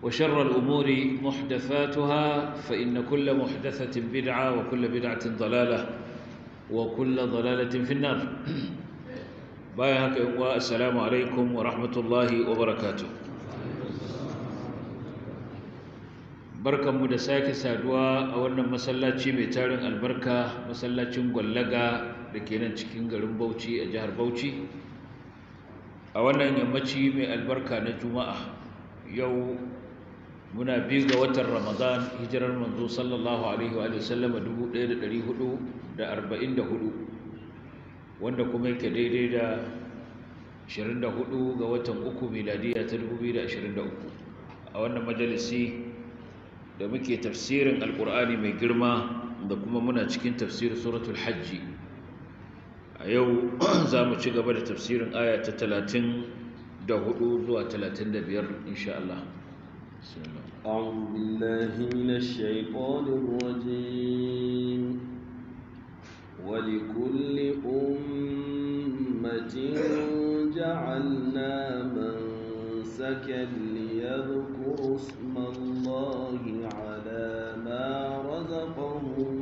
وشر الأمور محدثاتها فإن كل محدثة بدعة وكل بدعة ضلالة وكل ضلالة في النار بايهك والسلام عليكم ورحمة الله وبركاته بركة مدساك سادوا أولا مسلاتي ميتارن البركة مسلاتي مغلقة لكينا تشكين غرم بوتي أجهر بوتي أولا يمتي من البركة نجمعه yau muna bi ga watan ramadan hijirar manzo sallallahu alaihi wa sallama 1444 wanda kuma yake daidai da 24 ga watan uku miladiya ta 2023 a wannan majalisi da muke tafsirin alkur'ani mai girma da kuma muna cikin tafsirin suratul hajji a yau za mu ci gaba da tafsirin aya ta 34 zuwa 35 insha Allah. بسم أعوذ بالله من الشيطان الرجيم ولكل أمة جعلنا منسكا ليذكروا اسم الله على ما رزقهم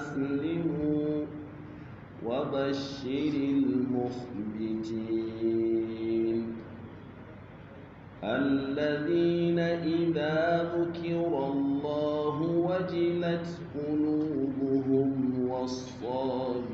أسلموا وبشر المخبتين الذين إذا ذكر الله وجلت قلوبهم والصابرين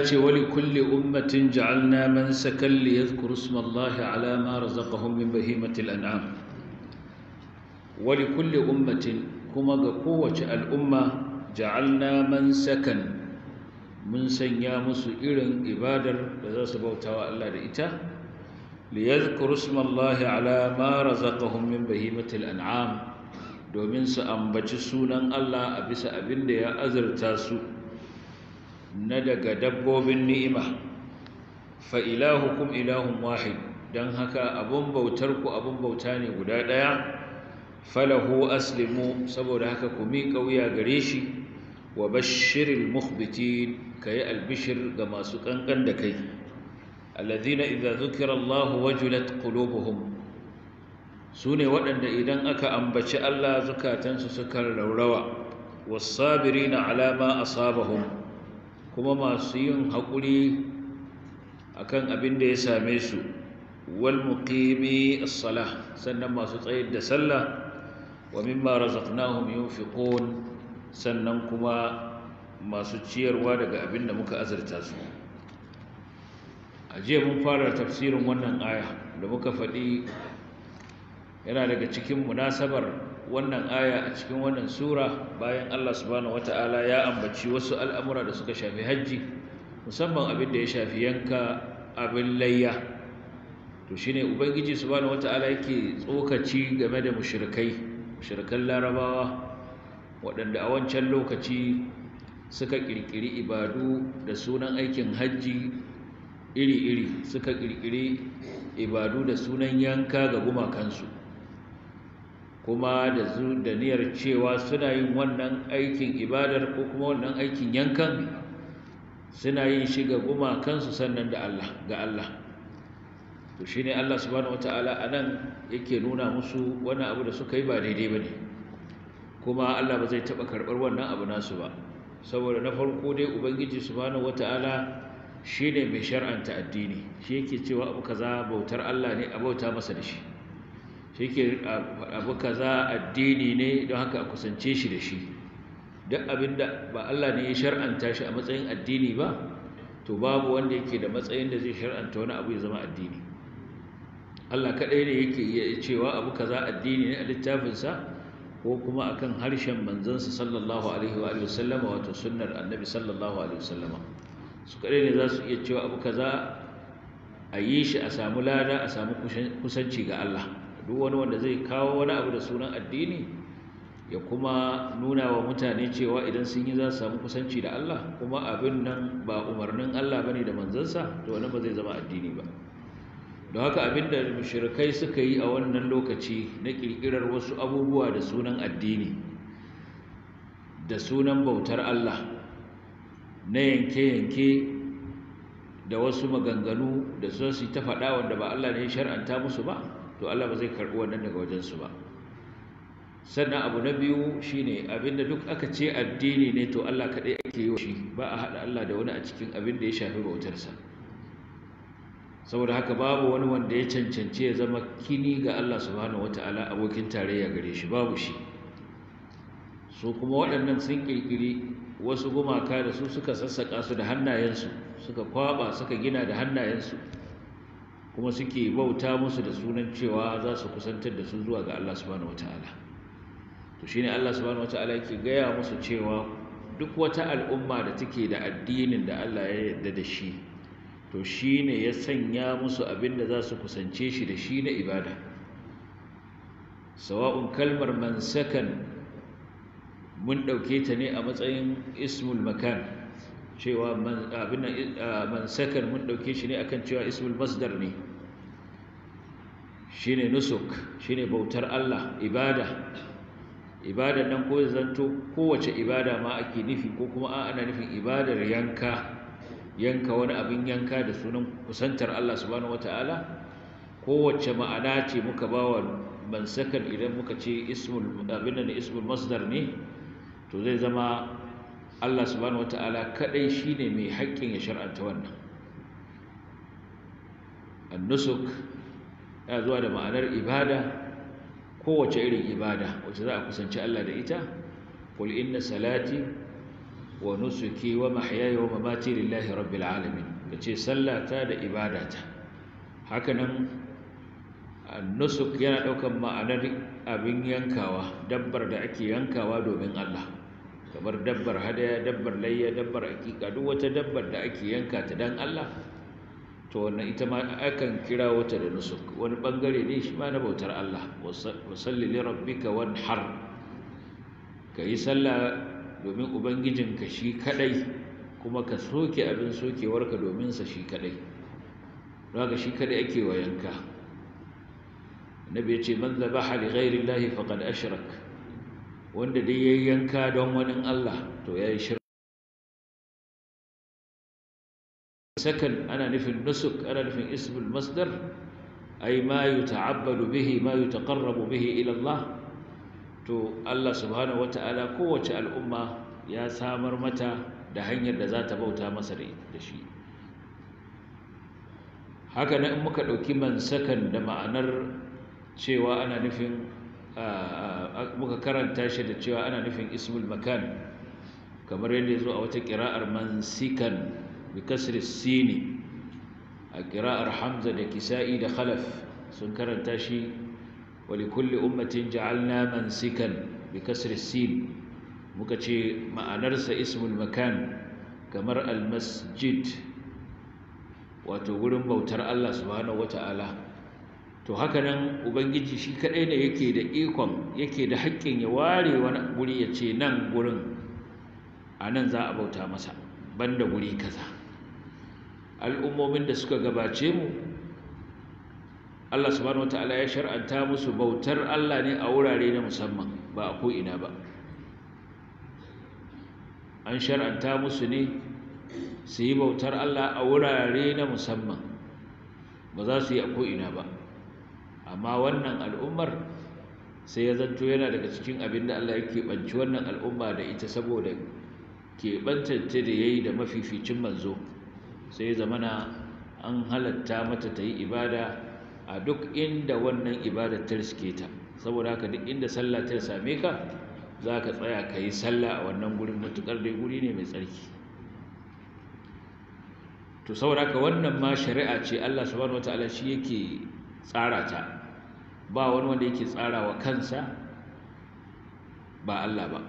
ya ce wali kulli ummatin ja'alna man yadhkuru ala ma razaqahum min bahimatil an'am wali ummatin kuma ga kowace al'umma ja'alna man sakan mun sanya musu irin ibadar da za su bautawa Allah da ita liyadhkuru ismallahi ala ma razaqahum min bahimatil an'am domin su ambaci sunan Allah a bisa abin da ya azurta su na daga dabbobin ni'ima fa ilahukum ilahun wahid don haka abun bautar ku abun bauta ne guda ɗaya falahu aslimu saboda haka ku miƙa wuya gare shi wa bashirin muhbitin ka yi albishir ga masu ƙanƙan da kai alladhina idza zukira Allahu wajilat qulubuhum su ne waɗanda idan aka ambaci Allah zukatansu suka raurawa wasabirina alama ma asabahum kuma masu yin haƙuri a kan abin da ya same su wal muƙimi a salah sannan masu tsayar da sallah wa mimma razaqnahum yunfiqun sannan kuma masu ciyarwa daga abin da muka azurta su a jiya mun fara tafsirin wannan aya da muka faɗi yana daga cikin munasabar wannan aya a cikin wannan sura bayan Allah subhanahu wata'ala ya ambaci wasu al'amura da suka shafi hajji musamman abin da ya shafi yanka abin layya to shine ubangiji subhanahu wata'ala yake tsokaci game da mushrikai mushrikan larabawa waɗanda a wancan lokaci suka kirkiri ibadu da sunan aikin hajji iri-iri suka kirkiri ibadu da sunan yanka ga gumakansu kuma da zu da niyyar cewa suna yin wannan aikin ibadar ko kuma wannan aikin yankan suna yin shi ga gumakansu sannan da Allah ga Allah to shine Allah subhanahu wataala anan yake nuna musu wani abu da suka yi ba daidai ba ne, kuma Allah ba zai taba karɓar wannan abu nasu ba saboda na farko dai ubangiji subhanahu wataala shine mai shar'anta addini shi yake cewa abu kaza bautar Allah ne a bauta masa da shi yake abu kaza addini ne don haka a kusance shi da shi duk abinda ba Allah ne ya shar'anta shi a matsayin addini ba to babu wanda yake da matsayin da zai shar'anta wani abu ya zama addini Allah kaɗai ne yake iya cewa abu kaza addini ne a littafinsa ko kuma kan harshen manzansa sallallahu alaihi wa alihi wato sunnar annabi sallallahu alaihi wasallama su kaɗai ne za su iya cewa abu kaza a yi shi a samu lada a samu kusanci ga Allah duk wani wanda zai kawo wani abu da sunan addini ya kuma nuna wa mutane cewa idan sun yi za su samu kusanci da Allah kuma abin nan ba umarnin Allah bane da manzansa to wannan ba zai zama addini ba don haka abin da mushrikai suka yi a wannan lokaci na kirkirar wasu abubuwa da sunan addini da sunan bautar Allah na yanke-yanke da wasu maganganu da su ta faɗa wanda ba Allah ne ya shar'anta musu ba to Allah ba zai karɓi wannan daga wajensu ba sannan abu na biyu shine abinda duk aka ce addini ne to Allah kaɗai ake yi shi ba a haɗa Allah da wani a cikin abin ya shafi bautarsa saboda haka babu wani wanda ya cancanci ya zama kini ga Allah subhanahu wata'ala abokin tarayya gare shi babu shi su kuma waɗannan sun ƙirƙiri wasu gumaka da su suka sassaka su da hannayensu suka kwaba suka gina da hannayensu kuma suke bauta musu da sunan cewa za su kusantar da su zuwa ga Allah subhanahu wataala to shine Allah subhanahu wataala yake gaya musu cewa duk wata al'umma da take da addinin da Allah ya yarda da shi to shine ya sanya musu abin da za su kusance shi da shi na ibada sawa'un kalmar mansakan mun ɗauke ta ne a matsayin ismul makan cewa abin nan mun ɗauke shi ne akan cewa ismul masdar ne shine nusuk shine bautar Allah ibada ibada nan ko zanto kowace ibada ma ake nufi ko kuma a ana nufin ibadar yanka yanka wani abin yanka da sunan kusantar Allah subhanahu wataala kowace ma'ana ce muka bawa mansakan idan muka ce ismul abin nan ismul masdar ne to zai zama Allah subhanahu wataala kadai shine mai haƙƙin ya shar'anta wannan an-nusuk ya zuwa da ma'anar ibada kowace irin ibada wacce za a kusanci Allah da ita kul inna salati wa nusuki wa mahyaya wa mamati lillahi rabbil alamin sallah sallata da ibada ibadata hakanan nusuk yana daukan ma'anar abin yankawa dabbar da ake yankawa domin Allah kamar dabbar hadaya dabbar layya dabbar aqiqa duk wata dabbar da ake yanka ta dan Allah to wannan ita ma akan kira wata da nusuk wani bangare ne shi ma na bautar Allah wasalli li rabbika wanhar yi sallah domin ubangijinka shi kadai kuma ka soke abin sokewarka domin sa shi kadai daga shi kadai ake wayanka nabi yace man zabaha li ghairi llahi faqad ashrak wanda dai yayyanka don wani Allah to yayi sakan ana nufin nusuk ana nufin ismul masdar ay ma yuta'abbadu bihi ma yutaqarrabu bihi ila Allah to Allah subhanahu wata'ala kowace al'umma ya samar mata da hanyar da zata bauta masa da shi haka nan muka ɗauki mansakan da ma'anar cewa ana nufin muka karanta shi da cewa ana nufin ismul makan kamar yadda ya zo a wata ƙira'ar mansikan bi kasri sini a kira'ar hamza da kisa'i da khalaf sun karanta shi wa li kulli ummatin ja'alna mansikan bi kasri sin muka ce ma'anarsa ismul makan kamar almasjid wato gurin bautar Allah subhanahu wata'ala to nan ubangiji shi kaɗai ne yake da ikon yake da hakkin ya ware wani guri ya ce nan gurin a nan za a bauta masa banda guri kaza al'ummomin da suka gabace mu Allah subhanahu wataala ya shar'anta musu bautar Allah ne a wurare na musamman ba a ko'ina ba an shar'anta musu ne su yi bautar Allah a wurare na musamman ba za su yi a ko'ina ba amma wannan al'ummar sai ya zanto yana daga cikin abin da Allah ya keɓanci wannan al'umma da ita saboda keɓantance da ya yi da mafificin manzo sai zamana an halatta mata ta yi ibada a duk inda wannan ibada ta riske ta saboda haka duk inda sallah ta same ka za ka tsaya ka yi sallah a wannan gurin matuƙar dai guri ne mai tsarki to saboda haka wannan ma shari'a ce Allah subhanahu ta'ala shi yake tsara ta ba wani wanda yake tsara wa kansa ba Allah ba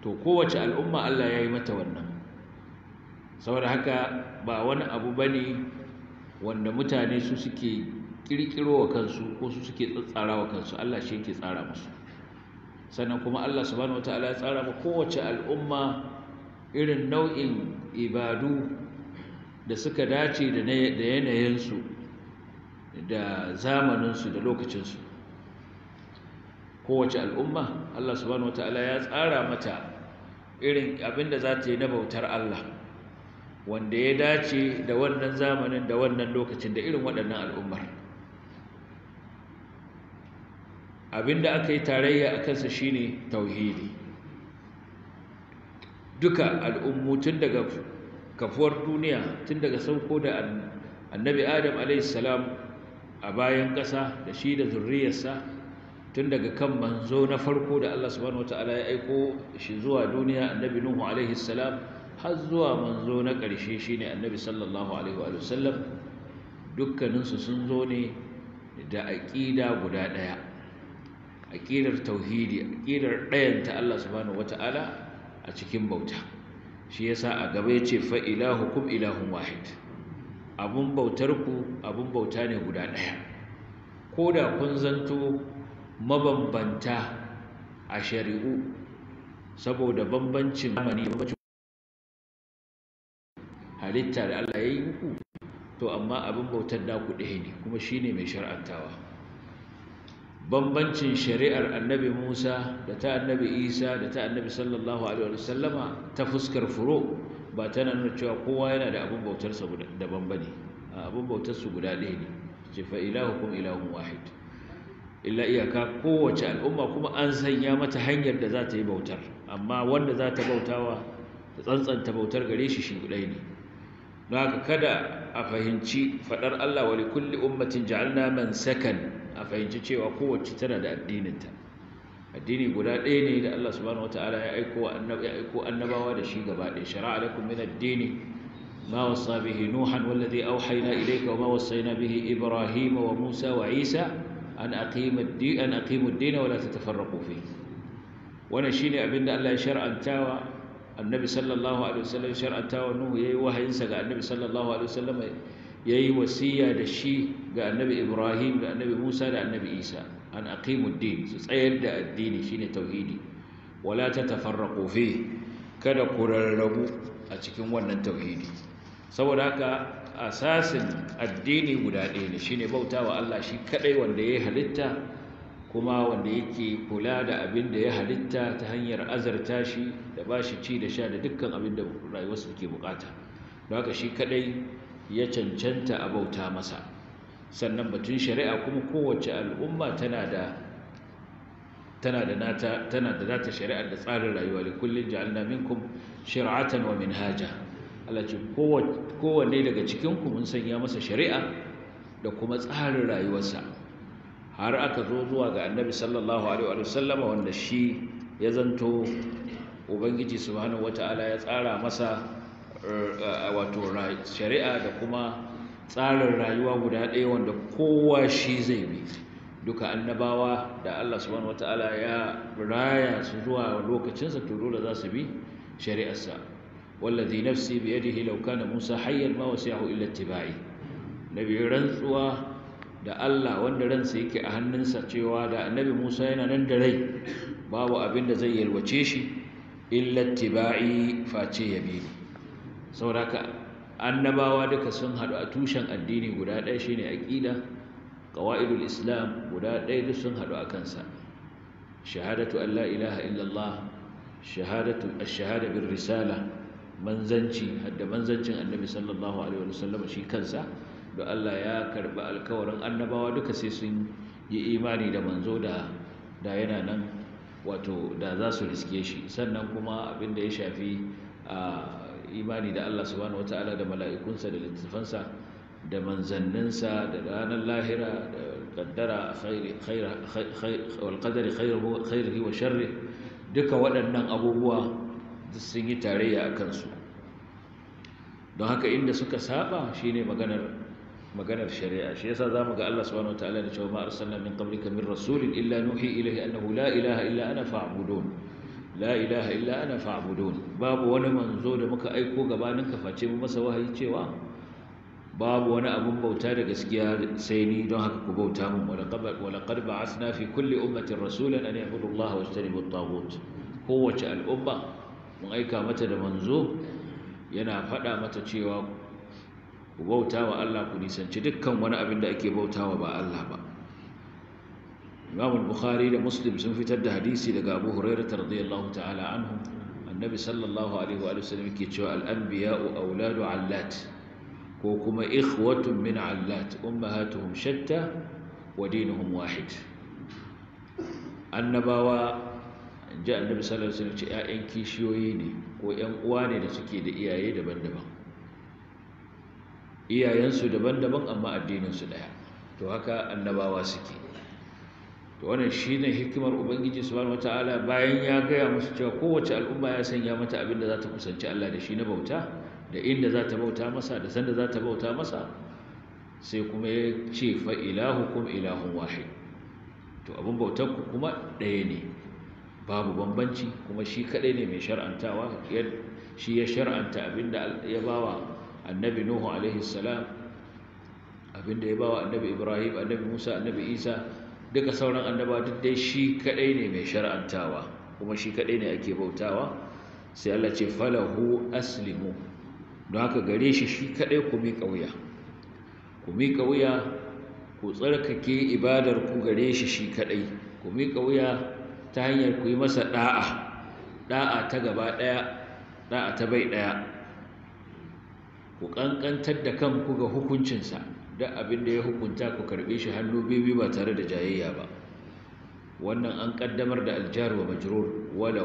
to kowace al'umma Allah ya yi mata wannan saboda haka ba wani abu ba ne wanda mutane su suke kirkiro wa kansu ko su suke tsatsara wa kansu Allah shi yake tsara musu sannan kuma Allah subhanahu wataala ya tsara ma kowace al'umma irin nau'in ibadu da suka dace da yanayinsu da zamaninsu da lokacinsu kowace al'umma Allah subhanahu wataala ya tsara mata irin abinda za ta yi na bautar Allah wanda ya dace da wannan zamanin da wannan lokacin da irin waɗannan al'ummar abinda aka yi tarayya a kansa shine tauhidi duka al'ummu tun daga kafuwar duniya tun daga sauko da annabi adam alaihissalam a bayan ƙasa da shi da zurriyarsa tun daga kan manzo na farko da allah subhanahu wata'ala ya aiko shi zuwa duniya annabi nuhu alaihissalam har zuwa manzo na ƙarshe shine annabi sallallahu alaihi wa dukkaninsu sun zo ne da aƙida guda ɗaya aƙidar tauhidi aƙidar ta Allah subhanahu wata'ala a cikin bauta shi yasa a gaba ya ce fa ilahukum ilahun wahid abun bautar ku abun bauta ne guda ɗaya ko da kun zanto mabambanta a shari'u saboda bambancin zamani bambancin halitta da Allah ya yi muku to amma abin bautar daku ɗaya ne kuma shi ne mai shar'antawa bambancin shari'ar annabi musa da ta annabi isa da ta annabi sallallahu alaihi sallama ta fuskar furo ba tana nuna cewa kowa yana da abin sa daban ba ne abin su guda ɗaya ne ce fa ilahukum ilahun wahid illa iyaka kowace al'umma kuma an sanya mata hanyar da za ta yi bautar amma wanda za ta bautawa ta tsantsanta bautar gare shi shi ɗaya ne don haka kada a fahimci faɗar Allah wa kulli ummatin ja'alna man sakan a fahimci cewa kowace tana da addininta addini guda ɗaya ne da Allah subhanahu wataala ya aiko ya aiko annabawa da shi gaba ɗaya shar'a lakum min ad-dini ma wasa bihi nuhan wallazi awhayna ilayka wa wasayna bihi ibrahim wa musa wa isa an aqimu ad-din an aqimu ad-din wa la tatafarraqu fihi wannan shine abinda Allah ya shar'antawa annabi sallallahu alaihi wasallam shar'anta wa nuhu yayi wahayinsa ga annabi sallallahu alaihi wasallam yayi wasiya da shi ga annabi ibrahim da annabi musa da annabi isa an aqimud su tsayar da addini shine tauhidi wala tatafarraqu fi kada ku rarrabu a cikin wannan tauhidi saboda haka asasin addini guda ɗaya ne shine bautawa Allah shi kadai wanda yayi halitta kuma wanda yake kula da abin da ya halitta ta hanyar azarta shi da ba shi ci da sha da dukkan abin da rayuwarsu ke bukata don haka shi kadai ya cancanta a bauta masa sannan batun shari'a kuma kowace al'umma tana da tana da nata shari'a da tsarin rayuwa da kullum ja'alna minkum shari'atan wa minhaja Allah ce kowanne daga cikinku ku mun sanya masa shari'a da kuma tsarin rayuwarsa har aka zo zuwa ga annabi sallallahu alaihi wa sallama wanda shi ya zanto ubangiji subhanahu wata'ala ya tsara masa eh, wato shari'a da kuma tsarin rayuwa guda ɗaya wanda kowa shi zai bi duka annabawa da Allah subhanahu wata'ala ya raya su zuwa lokacinsa to dole za su bi shari'arsa wallazi nafsi biyadihi law kana musa hayyan ma wasi'ahu illa ittiba'i nabi rantsuwa da Allah wanda ransa yake a hannunsa cewa da annabi Musa yana nan da rai babu abin da zai yalwace shi illa tiba'i face ya bi ka, annabawa duka sun hadu a tushen addini guda ɗaya shine aqida qawaidul islam guda ɗaya duk sun hadu a kansa shahadatu an la illallah shahadatu ash-shahada bir risala manzanci hadda manzancin annabi sallallahu alaihi wasallam shi kansa da Allah ya karɓi alkawarin annabawa duka sai sun yi imani da manzo da da yana nan wato da za su riske shi sannan kuma abin da ya shafi a imani da Allah subhanahu wataala da mala'ikunsa da littafansa da manzanninsa da ranar lahira da kaddara alkadari khairihi wa sharri duka waɗannan abubuwa sun yi tarayya a kansu don haka inda suka saba shine maganar maganar shari'a shi yasa zamu ga Allah subhanahu wataala da cewa ma arsalna min qablika min rasulin illa nuhi ilayhi annahu la ilaha illa ana fa'budun la ilaha illa ana fa'budun babu wani manzo da muka aiko gabanin ka face mu masa wahayi cewa babu wani abun bauta da gaskiya sai ni don haka ku bauta mu wala qad wala ba'athna fi kulli ummatin rasulan an ya'budu Allah wa at-taghut kowace al'umma mun aika mata da manzo yana faɗa mata cewa ku bauta wa Allah ku nisanci dukkan wani abin da ake bauta wa ba Allah ba Imam Bukhari da Muslim sun fitar da hadisi daga Abu Hurairah radiyallahu ta'ala anhu Annabi sallallahu alaihi wa sallam yake cewa al-anbiya'u auladu 'allat ko kuma ikhwatun min 'allat ummahatuhum shatta wa dinuhum wahid annabawa ji annabi sallallahu alaihi wa sallam ce kishiyoyi ne ko ƴan uwa ne da suke da iyaye daban-daban iyayensu daban-daban amma addininsu ɗaya to haka annabawa suke to wannan shine hikimar ubangiji subhanahu wataala bayan ya gaya musu cewa kowace al'umma ya sanya mata abin da za ta kusanci Allah da shi na bauta da inda za ta bauta masa da sanda za ta bauta masa sai kuma ya ce fa ilahukum ilahun wahid to abin bautar kuma ɗaya ne babu bambanci kuma shi kaɗai ne mai shar'antawa shi ya shar'anta abinda ya bawa annabi nuhu alaihi salam abinda ya bawa annabi ibrahim annabi musa annabi isa duka sauran annaba duk dai shi kadai ne mai shar'antawa kuma shi kadai ne ake bautawa sai Allah ce falahu aslimu don haka gare shi shi kadai ku miƙa wuya ku mi kauya ku tsarkake ibadar ku gare shi shi kadai ku mi kauya ta hanyar ku yi masa da'a da'a ta gaba daya da'a ta bai daya ku ƙanƙantar da kanku ga hukuncinsa duk abin da ya hukunta ku karɓi shi hannu bibi ba tare da jayayya ba wannan an ƙaddamar da aljar wa majrur wala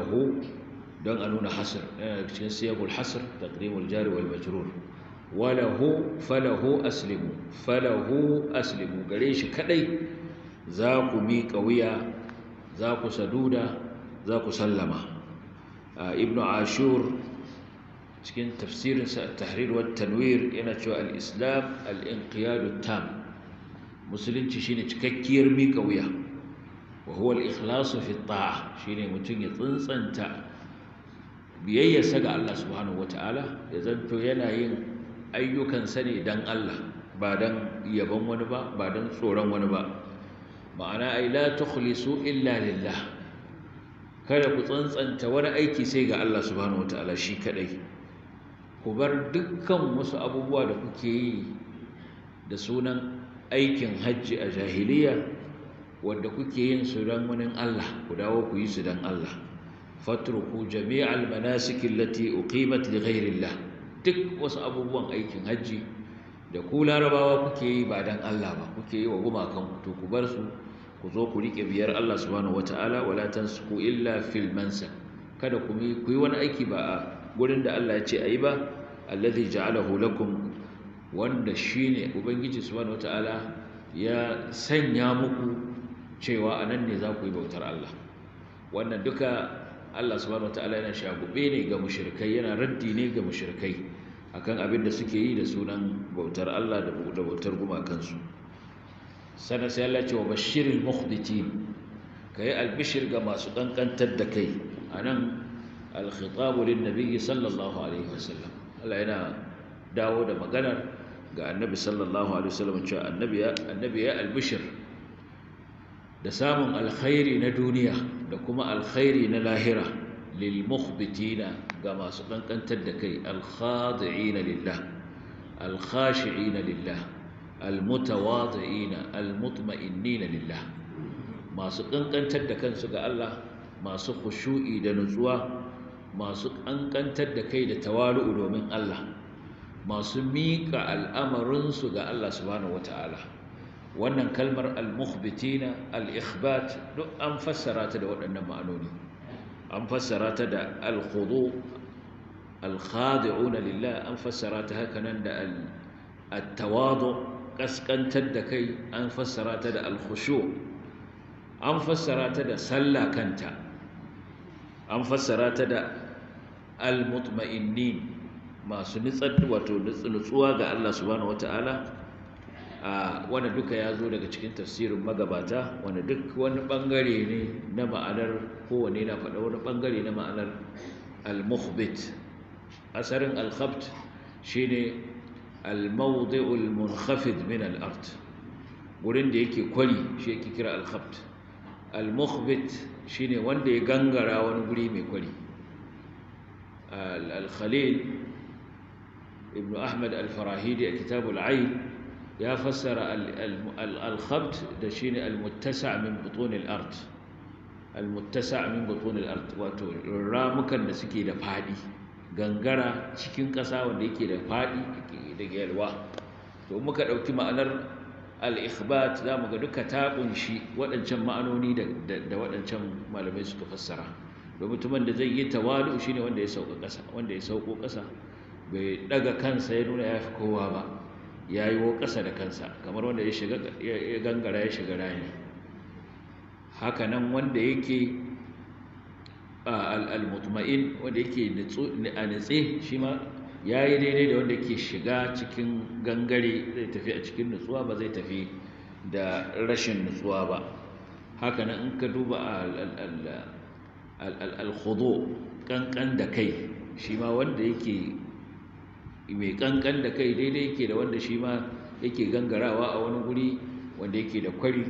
don a nuna hasr yana cikin siyagul hasr taqdimul jar wal majrur falahu aslimu falahu aslimu gare shi kadai za ku miƙa wuya za ku saduda za ku sallama ah, ibnu ashur cikin tafsirinsa a tahrirwar tanwir yana cewa al-islam al tam musulunci shine cikakkiyar miƙa wuya wa huwa al-ikhlasu shine mutum ya tsantsanta biyayyarsa ga Allah subhanahu wata'ala ya zanto yana yin ayyukansa ne dan Allah ba don yaban wani ba ba don tsoron wani ba ma'ana ai la tukhlisu illa lillah kada ku tsantsanta wani aiki sai ga Allah subhanahu wata'ala shi kadai ku bar dukkan wasu abubuwa da kuke yi da sunan aikin hajji a jahiliya wanda kuke yin su don wani Allah ku dawo ku yi su don Allah fatruku jami'al manasikin lati uqimat li ghairillah duk wasu abubuwan aikin hajji da ku larabawa kuke yi ba don Allah ba kuke yi wa gumakan to ku bar su ku zo ku rike biyar Allah subhanahu wataala wala tansuku illa fil mansa kada ku yi wani aiki ba a gurin da Allah ya ce a yi ba allazi ja'alahu lakum wanda shine ubangiji subhanahu wataala ya sanya muku cewa anan ne za ku yi bautar Allah wannan duka Allah subhanahu wataala yana shagube ne ga mushrikai yana raddi ne ga mushrikai akan abin da suke yi da sunan bautar Allah da bautar gumakansu sana sai Allah ce wa bashirin mukhditin kai albishir ga masu kankantar da kai anan al-khitabu lin sallallahu alaihi wasallam Allah yana dawo da maganar ga annabi sallallahu alaihi wasallam cewa annabi ya annabi ya al-bishr da samun alkhairi na duniya da kuma alkhairi na lahira lil mukhbitina ga masu dankantar da kai al-khadi'ina lillah al-khashi'ina lillah al-mutawadi'ina al-mutma'innina lillah masu kankantar da kansu ga Allah masu khushu'i da nutsuwa masu ƙanƙantar da kai da tawalu'u domin Allah masu miƙa al'amarinsu ga Allah subhanahu wannan kalmar al-mukhbitina al-ikhbat duk an fassara ta da waɗannan ma'anoni an fassara ta da al-khudu al-khadi'una lillah an fassara ta haka nan da al-tawadu ƙasƙantar da kai an fassara ta da al-khushu an fassara ta da sallah kanta an fassara ta da al-mutma'innin masu nutsar nutsuwa ga Allah subhanahu wata'ala wanda duka ya zo daga cikin tafsirin magabata wanda duk wani bangare ne na ma'anar kowane na faɗa wani bangare na ma'anar al-mukhbit asarin al-khabt shine al-mawdi'ul munkhafid min al-ard wurin da yake kwari shi yake kira al-khabt al-mukhbit shine wanda ya gangara wani guri mai kwari al-khalil ibn ahmad al-farahidi a kitabul ayn ya fassara al-khabt da shine al-muttasa min butun al-ard al-muttasa wato ramukan da suke da faɗi, gangara cikin ƙasa wanda yake da faɗi da yalwa to muka ɗauki ma'anar al-ikhbat zamu ga duka ta kunshi waɗancan ma'anoni da waɗancan malamai suka fassara da mutumin da zai yi tawadu shi wanda ya sauka ƙasa wanda ya sauko ƙasa bai daga kansa ya nuna ya fi kowa ba ya yi wo ƙasa da kansa kamar wanda ya gangara ya shiga rani. haka nan wanda yake al-mutma'in wanda yake a nutse shi ma ya yi daidai da wanda yake shiga cikin gangare zai tafi a cikin nutsuwa ba zai tafi da rashin nutsuwa ba Hakanan in ka duba al al-khudu da kai shi ma wanda yake mai kankan da kai daidai yake da wanda shi ma yake gangarawa a wani guri wanda yake da kwari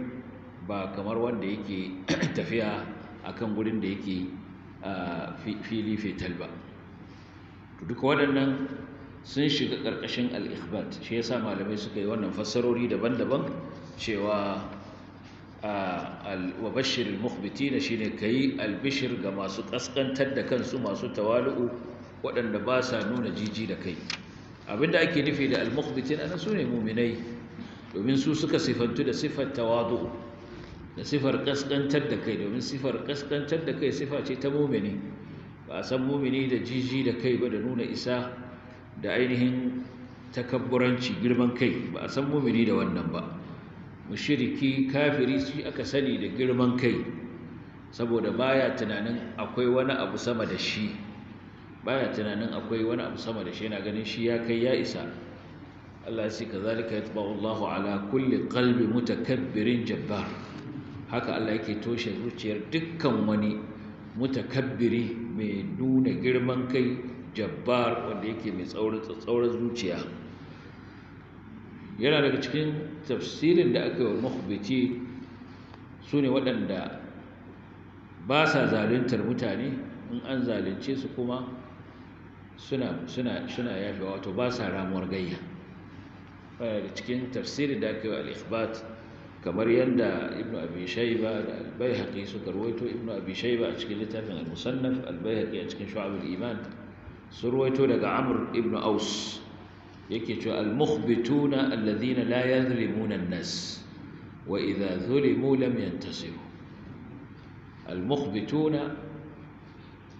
ba kamar wanda yake tafiya akan gurin da yake fili fetal ba duka waɗannan sun shiga ƙarƙashin al shi shi yasa malamai suka yi wannan fassarori daban-daban cewa wa bashir al ne shine yi albishir ga masu kaskantar da kansu masu tawalu'u waɗanda ba sa nuna jiji da kai abinda ake nufi da al-mukhbitin ana sune mu'minai domin su suka sifantu da sifar tawadu da sifar kaskantar da kai domin sifar kaskantar da kai sifa ce ta mu'mini ba san mu'mini da jiji da kai ba da nuna isa da ainihin takabburanci girman kai ba a san mumini da wannan ba mushiriki kafiri shi aka sani da girman kai saboda baya tunanin akwai wani abu sama da shi baya tunanin akwai wani abu sama da shi yana ganin shi ya kai ya isa Allah sai kazalika yatba'u Allahu ala kulli qalbi mutakabbirin jabbar haka Allah yake toshe zuciyar dukkan wani mutakabbiri mai nuna girman kai jabbar wanda yake mai tsaurin zuciya yana daga cikin tafsirin da aka yi wa mahubici su ne waɗanda ba sa zaluntar mutane in an zalunce su kuma suna suna suna wato ba sa ramuwar gayya daga cikin tafsirin da aka yi wa al kamar yadda ibn abi da al-baihaqi suka ruwaito ibn abi a cikin littafin al-musannaf al-baihaqi a cikin shu'ab iman su ruwaito daga amr ibn aus yake cewa al-mukhbituna alladhina la yadhlimuna an-nas wa idha zulimu lam yantasiru al-mukhbituna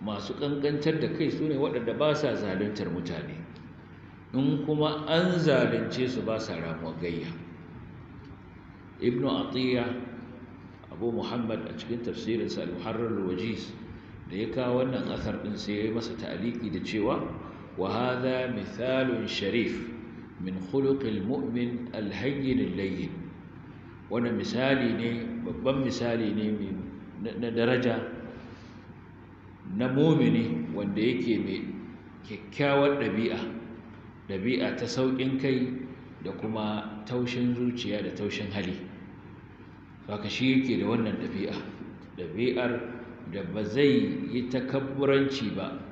masu kankantar da kai sune waɗanda ba sa zaluntar mutane in kuma an zalunce su ba sa ramuwa gayya ibnu atiya abu muhammad a cikin tafsirinsa al-muharrar wajiz da ya kawo wannan asar din sai ya masa ta'aliki da cewa وهذا مثال شريف من خلق المؤمن الهين اللين وانا مثالي ني babban misali ne na daraja na mumini wanda yake mai kyakkyawar ɗabi'a ɗabi'a ta sauƙin kai da kuma taushin zuciya da taushin hali haka shi yake da wannan ɗabi'a ɗabi'ar da ba zai yi takabburanci ba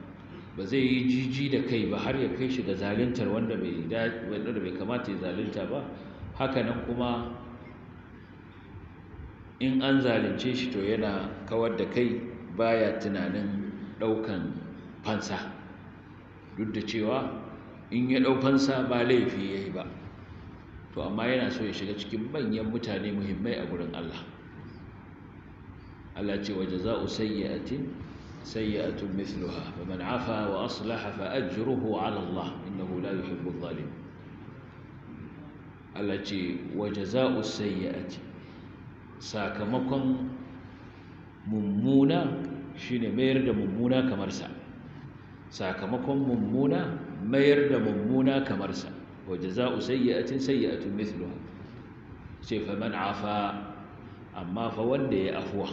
ba zai yi jiji da kai ba har ya kai shi ga zaluntar wanda bai kamata ya zalunta ba hakanan kuma in an zalunce shi to yana kawar da kai baya tunanin ɗaukan fansa duk da cewa in ya ɗau fansa ba laifi ya yi ba to amma yana so ya shiga cikin manyan mutane muhimmai a gurin Allah Allah ce wa jaza'u sayyi'atin سيئة مثلها فمن عفا وأصلح فأجره على الله إنه لا يحب الظالم التي وجزاء السيئة ساكمكم ممونة شين مير ممونة كمرسا ساكمكم ممونة مير ممونة كمرسا وجزاء سيئة سيئة مثلها سيف من عفا أما فولي أفوه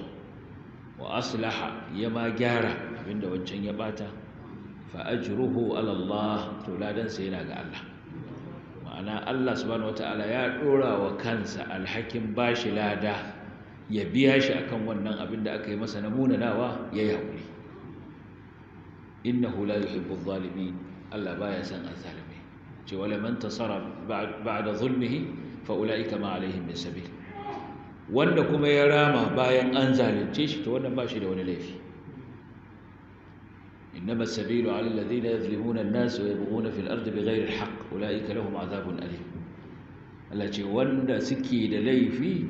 wa aslaha ya ma gyara abinda wancan ya bata fa ajruhu ala Allah to ladan sa yana ga Allah ma'ana Allah subhanahu wataala ya dora wa kansa alhakin bashi lada ya biya shi akan wannan abin da aka yi masa munanawa ya yi haƙuri innahu la yuhibbu adh-dhalimin Allah baya san adh-dhalimin ce wala man tasara ba'da zulmihi fa ulaika ma alaihim bisabil wanda kuma ya rama bayan an zalunce shi to wannan ba shi da wani laifi إنما السبيل على الذين يظلمون الناس ويبغون في الأرض بغير الحق أولئك لهم عذاب أليم Allah ce wanda suke da laifi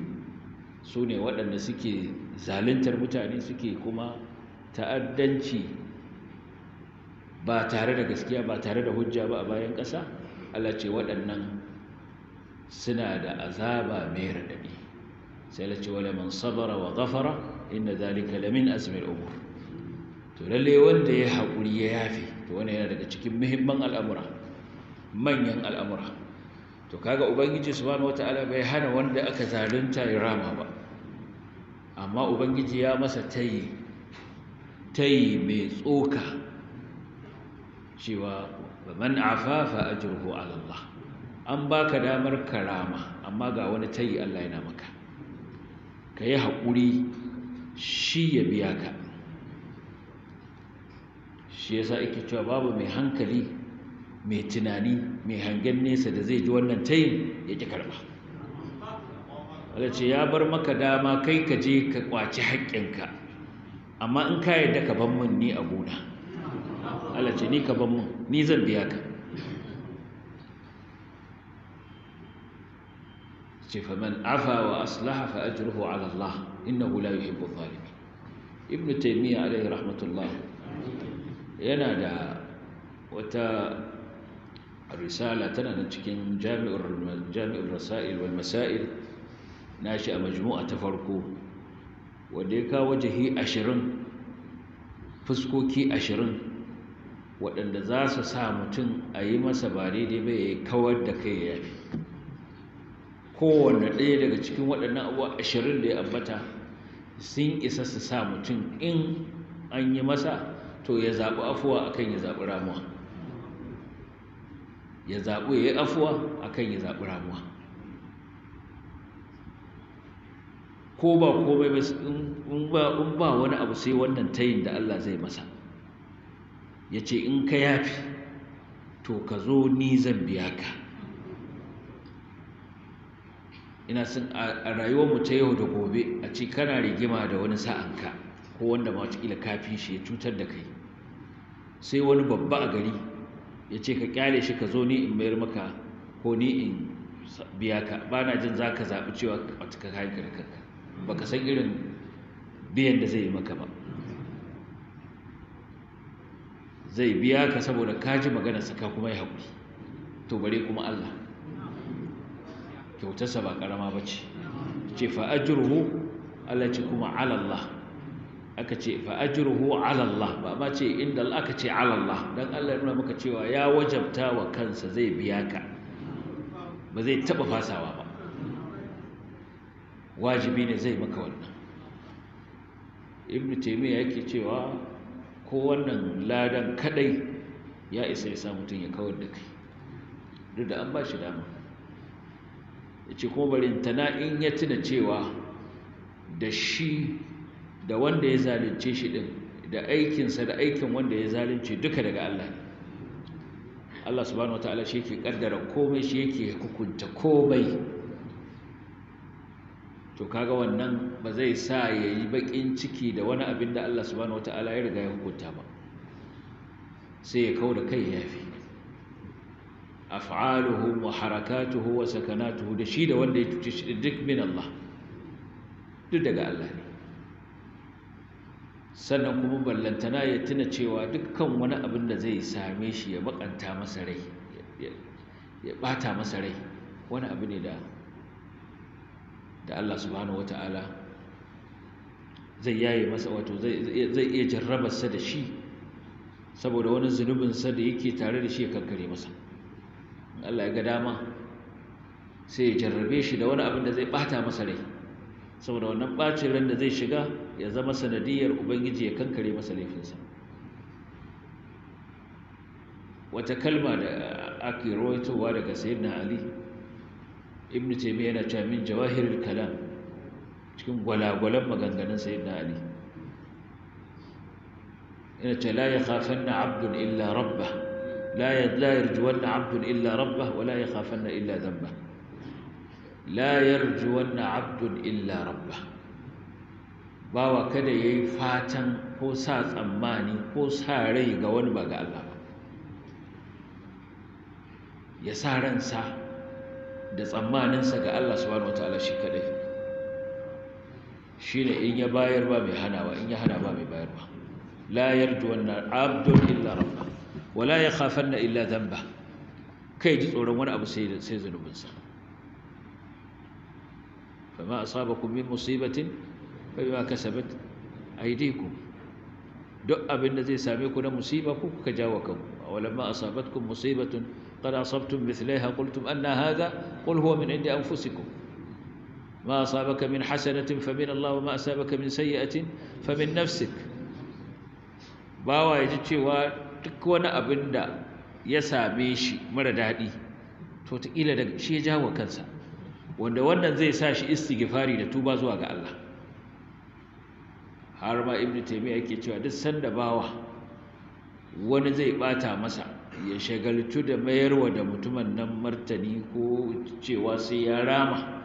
sune waɗanda suke zaluntar mutane suke kuma ta'addanci ba tare da gaskiya ba tare da hujja ba a bayan ƙasa Allah ce waɗannan suna da azaba mai daɗi. sai la ce wala man sabara wa ghafara inna zalika lamin asmil umur to lalle wanda ya hakuri ya yafe to wannan yana daga cikin muhimman al'amura manyan al'amura to kaga ubangiji subhanahu wataala bai hana wanda aka zalunta ya rama ba amma ubangiji ya masa tayi tayi mai tsoka cewa man afafa ajruhu ala Allah an baka damar karama amma ga wani tayi Allah yana maka ka yi haƙuri shi ya biya ka shi yasa ake cewa babu mai hankali mai tunani mai hangen nesa da zai ji wannan tayin ya ki karɓa wadda ce ya bar maka dama kai ka je ka ƙwaci haƙƙinka amma in ka da ka ban mun ni a gona ala ce ni ka ban mun, ni zan biya ka ce man afa wa aslaha fa ajruhu ala Allah innahu la yuhibbu zalimin ibn taymiya alayhi rahmatullah yana da wata risala tana da cikin jami'ur jami'ul rasail wal masail nashi a majmu'a ta farko wanda ya kawo jahi 20 fuskoki 20 waɗanda za su sa mutum a yi masa ba daidai bai kawar da kai ya fi kowane ɗaya daga cikin waɗannan abuwa ashirin da ya ambata sun isa su sa mutum in an yi masa to ya zaɓi afuwa kan ya zaɓi ramuwa ya zaɓi ya yi afuwa kan ya zaɓi ramuwa ko ba komai ba in ba wani abu sai wannan tayin da Allah zai masa ya ce in ka yafi to ka zo ni zan biya ka ina son a rayuwar mu ta yau da gobe a ce kana rigima da wani sa'anka ko wanda ma kila kafin shi ya cutar da kai sai wani babba a gari ya ce ka kyale shi ka zo ni in mayar maka ko ni in biya ka ba na jin za ka zaɓi cewa a cika kayan kanka ba ka san irin biyan da zai yi maka ba zai biya ka saboda ka ji magana ka kuma ya haƙuri to bare kuma Allah kyautarsa ba karama ba ce ce fa'ajirhu Allah ce kuma alallah aka ce fa'ajirhu alallah ba ma ce inda aka ce alallah don Allah nuna maka cewa ya wajabta wa kansa zai biya ka ba zai taɓa fasawa ba wajibi ne zai maka wannan ibn taimiyya yake cewa ko wannan ladan kadai ya isa ya sa mutum ya kawar da kai duk da an ba shi dama ya ce ko barintana in ya tuna cewa da shi da wanda ya zalunce shi ɗin da aikinsa da aikin wanda ya zalunce duka daga Allah Allah subhanahu wataala shi yake kaddara komai shi yake hukunta komai to kaga wannan ba zai sa yayi baƙin ciki da wani abin da Allah subhanahu wataala ya riga ya hukunta ba sai ya kauda kai ya yafi af'aluhu wa harakatuhu wa sakanatuhu da shi da wanda ya cuce shi duk min Allah duk daga Allah ne sannan kuma ballantana ya tuna cewa dukkan wani abin da zai same shi ya bakanta masa rai ya bata masa rai wani abu ne da da Allah subhanahu wata'ala zai yaye masa wato zai iya jarrabarsa da shi saboda wani zunubinsa da yake tare da shi ya kankare masa Allah ya ga dama sai ya jarrabe shi da wani abin da zai bata masa rai saboda wannan bacin ran da zai shiga ya zama sanadiyar ubangiji ya kankare masa laifinsa wata kalma da ake rawaitowa daga sayyidina ali ibnu taymiya yana cewa min jawahirul kalam cikin gwalagwalan maganganun sayyidina ali yana cewa la yakhafanna abdun illa rabbah لا لا يرجون عبد إلا ربه ولا يخافن إلا ذنبه لا يرجون عبد إلا ربه bawa kada ya yi fatan ko sa tsammani ko sa rai ga wani ba ga Allah ba ya sa ransa da tsammaninsa ga Allah subhanahu wataala shi kadai shine in ya bayar ba mai hana ba, in ya hana ba mai bayarwa la yarju wannan abdun illa rabba wala ya khafanna illa dhanba kai ji tsoron wani abu sai sai zunubinsa fama asabakum min musibatin fa bima kasabat aydikum duk abin da zai same ku na musiba ku kuka jawo kanku awalamma asabatkum musibatun qad sabtun, mithlaha qultum anna hadha qul huwa min inda an fusiku. Ma indi anfusikum ما أصابك من حسنة فمن الله وما أصابك من سيئة فمن نفسك باوا يجي cewa duk wani abin da ya same shi mara daɗi to taƙila da shi ya jawo kansa wanda wannan zai sa shi istighfari da tuba zuwa ga Allah har ma ibn taymiya yake cewa duk sanda bawa wani zai bata masa ya shagaltu da mayarwa da mutumin nan martani ko cewa sai ya rama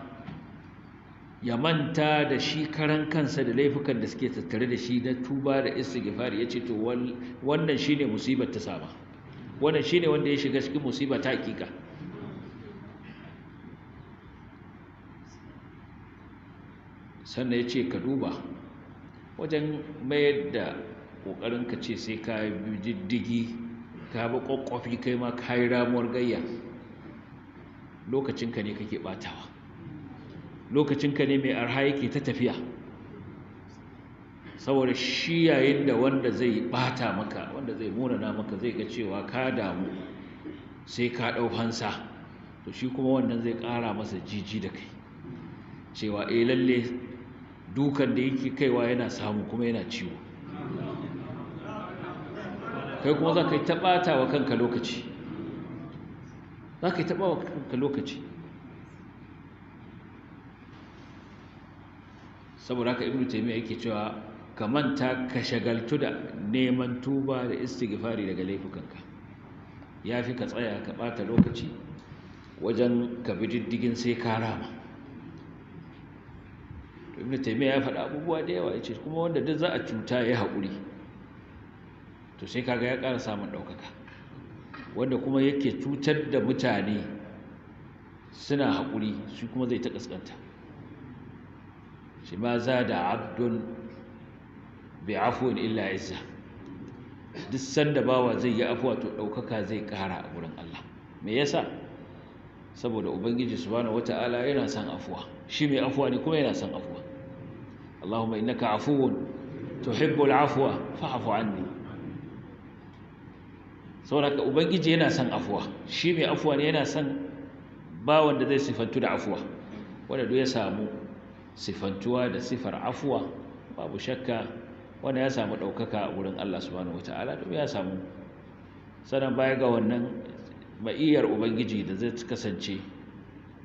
ya manta da shi karan kansa da laifukan da suke tattare da shi na tuba da istighfar ya ce to wannan shine musibar ta sama wannan shine wanda ya shiga cikin musiba ta hakika sannan ya ce ka duba wajen mayar da ƙoƙarin ka ce sai ka bi diddigi ka bi ƙwaƙwafi kai ma ka yi ramuwar gayya lokacinka ne kake ɓatawa lokacinka ne mai arha yake ta tafiya saboda shi yayin da wanda zai bata maka wanda zai munana maka zai ga cewa ka damu sai ka ɗau hansa to shi kuma wannan zai ƙara masa jiji da kai cewa eh lalle dukan da yake kaiwa yana samu kuma yana ciwo kai kuma za ka yi taɓata wa kanka lokaci za ka yi taɓa wa kanka lokaci saboda haka ibnu taymi yake cewa ka manta ka shagaltu da neman tuba da istighfari daga laifukanka fi ka tsaya ka bata lokaci wajen ka bi diddigin sai ka rama ibnu taymi ya faɗa abubuwa da yawa yace kuma wanda duk za a cuta ya haƙuri to sai kaga ya ƙara samun ɗaukaka wanda kuma yake cutar da mutane suna haƙuri shi kuma zai ta ƙasƙanta shi ma da abdun bi afuwan illa izza duk sanda bawa zai yi afuwa to ɗaukaka zai ƙara a wurin Allah me yasa saboda ubangiji subhanahu wata'ala yana son afuwa shi mai afuwa ne kuma yana son afuwa Allahumma innaka afuwun tuhibbul afwa fa'fu anni saboda ubangiji yana son afuwa shi mai afuwa ne yana son bawan da zai sifantu da afuwa wanda duk ya samu sifantuwa da sifar afuwa babu shakka wanda ya samu ɗaukaka a wurin Allah subhanahu wata'ala to ya samu sanan baya ga wannan ma'iyar ubangiji da zai kasance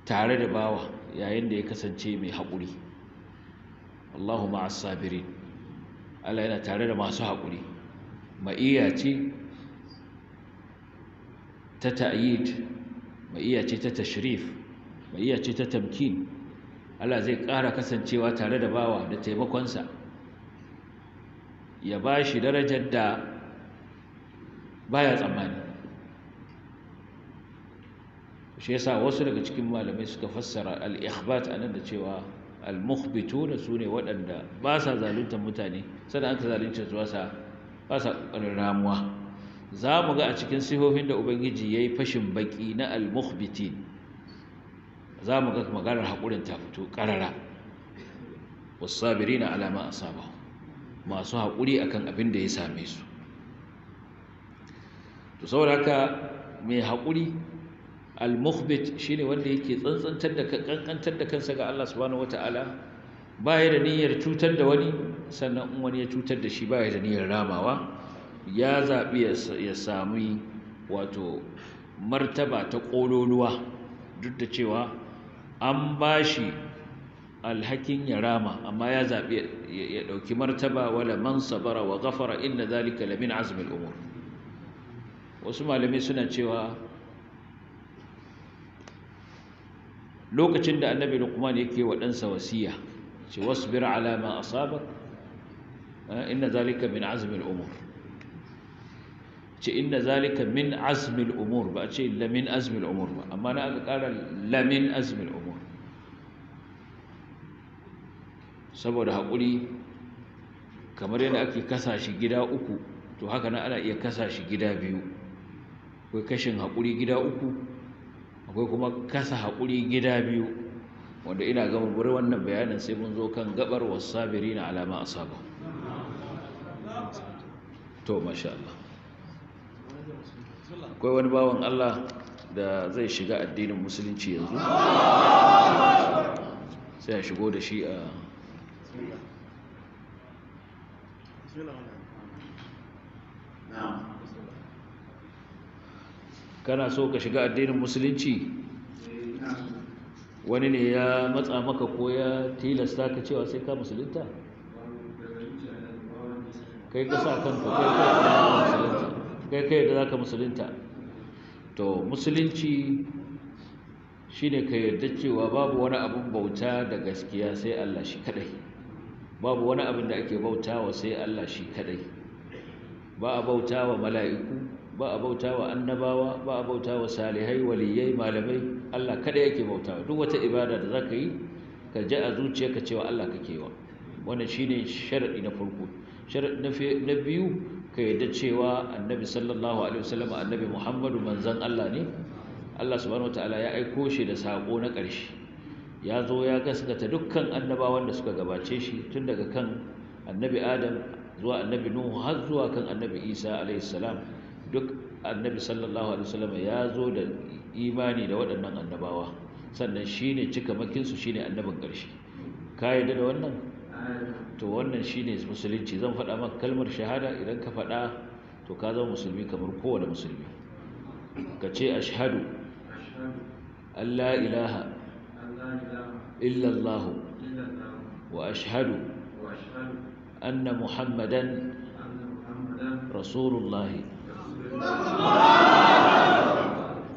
tare da bawa yayin da ya kasance mai haƙuri Allahu ma'as sabirin Allah yana tare da masu haƙuri ma'iya ce ta ta'yid ma'iya ce ta tashrif ma'iya ce ta tamkin Allah zai ƙara kasancewa tare da bawa da taimakonsa ya ba shi darajar da baya tsammani shi yasa wasu daga cikin malamai suka fassara al’ihbat a nan da cewa al su ne waɗanda ba sa zaluntar mutane sannan aka zuwa sa ba sa ramuwa za mu ga a cikin sihohin da ubangiji ya yi fashin baki na al-mukhbitin za mu ga maganar haƙurin ta fito ƙarara wasabirina alama a saba. masu haƙuri akan abin da ya same su to saboda haka mai haƙuri al-mukhbit ne wanda yake tsantsantar da kankantar da kansa ga Allah subhanahu ba ya da niyyar cutar da wani sannan in wani ya cutar da shi ba ya da niyyar ramawa ya zaɓi ya sami wato martaba ta ƙololuwa duk da cewa an ba shi alhakin ya rama amma ya zaɓi ya ɗauki martaba wala man sabara wa gafara inda zalika lamin azmil umur wasu malamai suna cewa lokacin da annabi lukman yake waɗansa ɗansa wasiya ce wasbir alama a sabar, eh, inna zalika min azmil umur ce inna zalika min azmil umur ba ce lamin azmil umur ba amma na aka ƙara lamin azmil umur saboda haƙuri kamar yadda ake kasa shi gida uku to haka nan ana iya kasa shi gida biyu akwai kashin haƙuri gida uku akwai kuma kasa haƙuri gida biyu wanda ina gama bari wannan bayanin sai mun zo kan gabar wasabiri na alama asaba to masha Allah akwai wani bawan Allah da zai shiga addinin musulunci yanzu sai a shigo da shi a kana so ka shiga addinin musulunci wani ne ya matsa maka ko ya tilasta ka cewa sai ka musulunta kai ka sa kanka kai ka kai da za ka musulunta to musulunci shine ka yarda cewa babu wani abin bauta da gaskiya sai Allah shi kadai babu wani abin da ake bautawa sai Allah shi kadai ba a bautawa mala'iku ba a bautawa annabawa ba a bautawa salihai waliyai malamai Allah kadai yake bautawa duk wata ibada da za ka yi ka ji a zuciyarka cewa Allah ka kewa. wannan shine sharadi na farko sharadi na biyu ka yadda cewa annabi sallallahu alaihi wasallam annabi Muhammadu manzon Allah ne Allah subhanahu wataala ya aiko shi da sako na ƙarshe ya zo ya gaskata dukkan annabawan da suka gabace shi tun daga kan annabi adam zuwa annabi nuhu har zuwa kan annabi isa alaihi salam duk annabi sallallahu alaihi wasallam ya zo da imani da waɗannan annabawa sannan shi makinsu cikamakinsu ne annabin ƙarshe ka yi da wannan to wannan shi ne musulunci zan faɗa maka kalmar shahada idan ka faɗa to ka zama musulmi kamar kowane musulmi ka ce ashhadu an la ilaha إلا الله وأشهد أن محمدا رسول الله